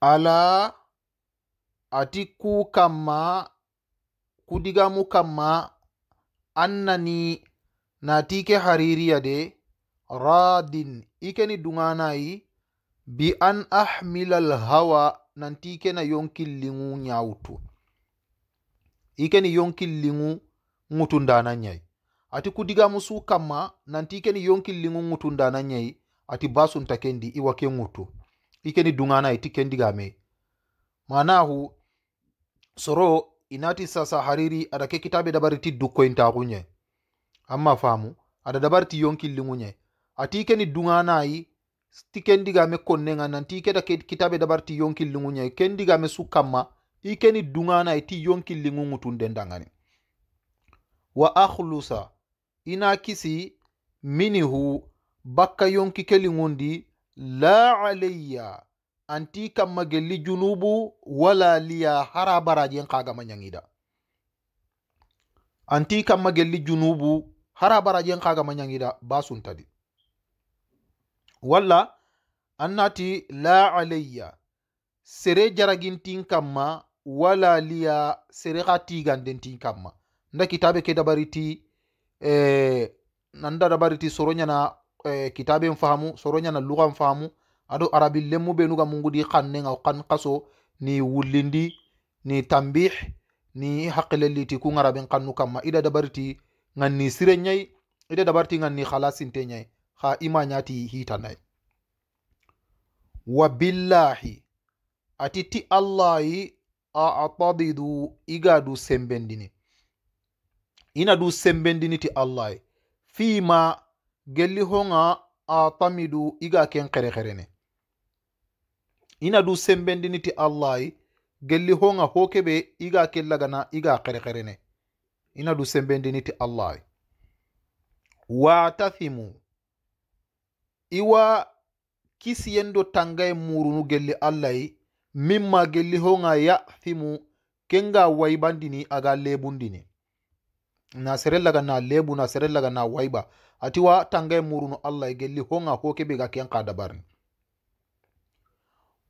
ala kamma kudigamu kamma annani nati ke haririya de raadin ikeni duŋaanayi bi an ahmila alhawa ke na yonkilliŋu ñawutu ikeni yonkilliŋu ŋutundana nyai ati kudigamu su kamma nanti ikeni yonkilliŋu ŋutundana nyai ati basunta kendi iwa ke ŋutu ikeni dugana iti kendiga me manahu soro inati sasa hariri ada ke kitabe dabari ti dukkointakunye amma famu ada dabari ti yonkillingunye ati ikeni dunganayi ti kendigame konnenganan ti ikeda ke kitabe dabari ti yonkillingunye kendigame su kamma ikeni dunganayi ti yonkillingungutundendangani wa akhlusa ina kisi minihu bakka yonkikelingundi la alayya anti kam gelli junubu wala liya hara barajen kagama ñangida anti kam gelli junubu hara barajen kagama basun basuntadi walla annati la alayya sere jaragintin kamma wala liya sere xa tigandentin kamma nda kitabe ke dabariti eh, nanda dabariti na E, kitaben faamu soroñana lugan faamu ado arabi lemmube nuga mungudi kannenga kan kaso ni wullindi ni tambih ni hakkilelliti kun araben kannu kamma ida dabariti ganni sire ñayi ida dabariti ganni halasinte ñayi ha ima ñati hitanayi wa billahi ati ti allahi atadidu iga du sembendini ina du sembendini ti allahi fima gelli honga a tamidu iga ken kerekerene ina du sembendiniti allahi gelli honga hokebe iga ken lagana iga kerekerene ina du sembendiniti allahi watathimu iwa kisiyendo tangaye murunu gelli allahi mimma gelli honga yathimu kenga waibandini aga lebundini na serellaga na lebu na serellaga na wayba atiwa tangay e muruno allah e gelli honga ho keɓe ga kenka dabarni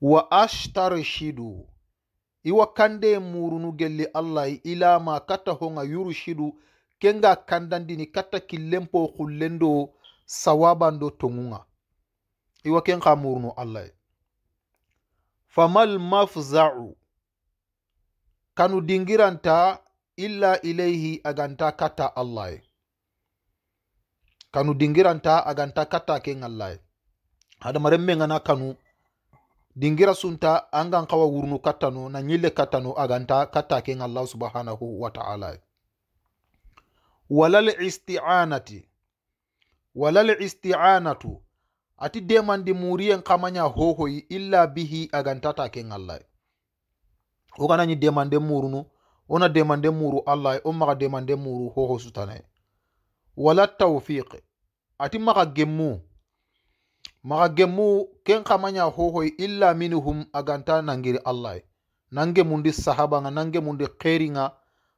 wa ashtarshidu iwa kande e murunu gelli allah e, ilama katta honga yurshidu kenga kandandini katta killenpo hullendo sawabando tongunga iwa kenka murunu allah famal mafzau kanu dingiranta illa ileyhi a ganta katta allah e kanu dingiranta a ganta katta ke allah e hadama renme gana kanu dingira sunta an gan kawa wurnu kattanu na yille kattanu a ganta katta ke allah subhanahu wa ta'ala e walalisti'anati walal isti'anatu ati demandi muriyen kamanya hohoyi illa bihi agantata ken allah wo gananyi demande murunu wona dema nden muru allah on maka dema nden muru hoho sutanai wala taufiqe ati maka gemmu maka gemmu ken kamanya hohoi illa minhum aganta nangiri allah nange mundi sahabanga nange mundi keringa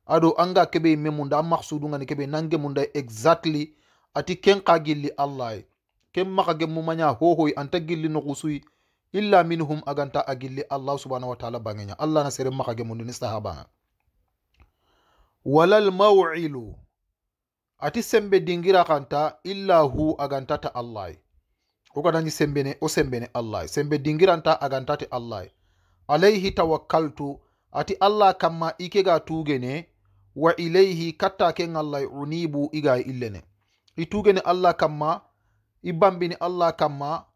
ado anga kebe memunda an maksudunga ni kebe nange munda exactly ati ken ka gilli allah ken maka gemmu manya hohoi anta gilli nokusui illa minhum aganta agilli allah subhanahu wa taala bangenya allah na sere maka gemmu ni sahabanga walal maw'ilu ati sembe dingira kanta illa hu agantata allahy okadañi sembene o sembene allahy sembe dingiranta agantate allahy alayhi tawakkaltu ati allah kamma ikega tugene wa ilayhi katta ken allahy unibu iga illene i tugene allah kamma i bambini allah kamma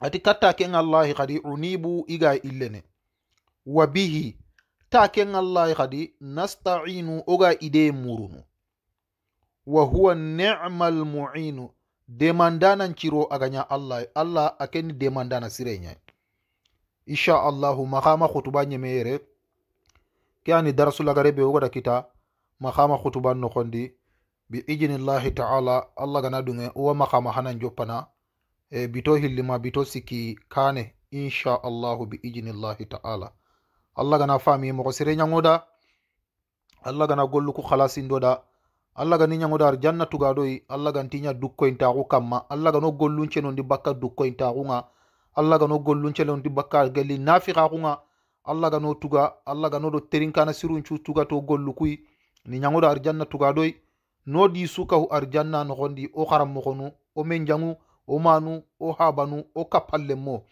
ati katta ken allahi kadi unibu iga illene wa bihi ta ken allahi hadi nastainu oga ide murunu wa huwa nema almuinu demandanan ciro aganya allah allah akeni demandana sirenya insha allahu makama hutuba nyemeyere ke ani darsulagarebe ogada kita makama hutuba nohondi bi ijini llahi taala allah gana dunge uwa makama hanan joppana e, bito hillima bito siki kane insha allahu bi ijini llahi taala alla gana fami mogo sere ñangoda allah gana gollu ku halasindoda allah gani ñangoda ar janna tugadoyi allah gantiña dukkoyintaxu kamma allah gano golluncelondi bakka dukkoyintaxunga allah gano golluncelondi bakka gelli nafixaxunga allah gano tuga allah gano do terinkana siruncu tuga to gollu kuyi ni ñangoda ar janna tugadoyi no di sukahu ar janna noxondi o xaranmoxonu o men jangu manu o habanu o kappallen